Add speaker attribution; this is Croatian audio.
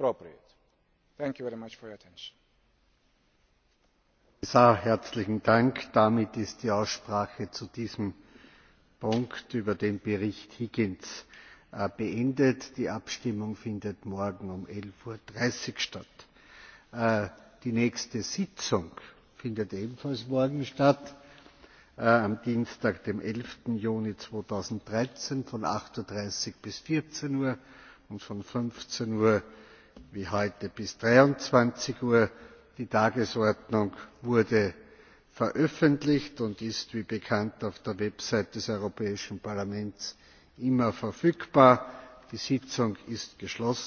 Speaker 1: appropriate. thank you very much for your attention.
Speaker 2: herr kommissar herzlichen dank! damit ist die aussprache zu diesem punkt über den bericht higgins äh, beendet. die abstimmung findet morgen um. elf dreißig uhr statt. Äh, die nächste sitzung findet ebenfalls morgen statt äh, am dienstag dem. 11. juni 2013 von. acht dreißig bis vierzehn uhr und von. fünfzehn wie heute bis. dreiundzwanzig uhr die tagesordnung wurde veröffentlicht und ist wie bekannt auf der website des europäischen parlaments immer verfügbar. die sitzung ist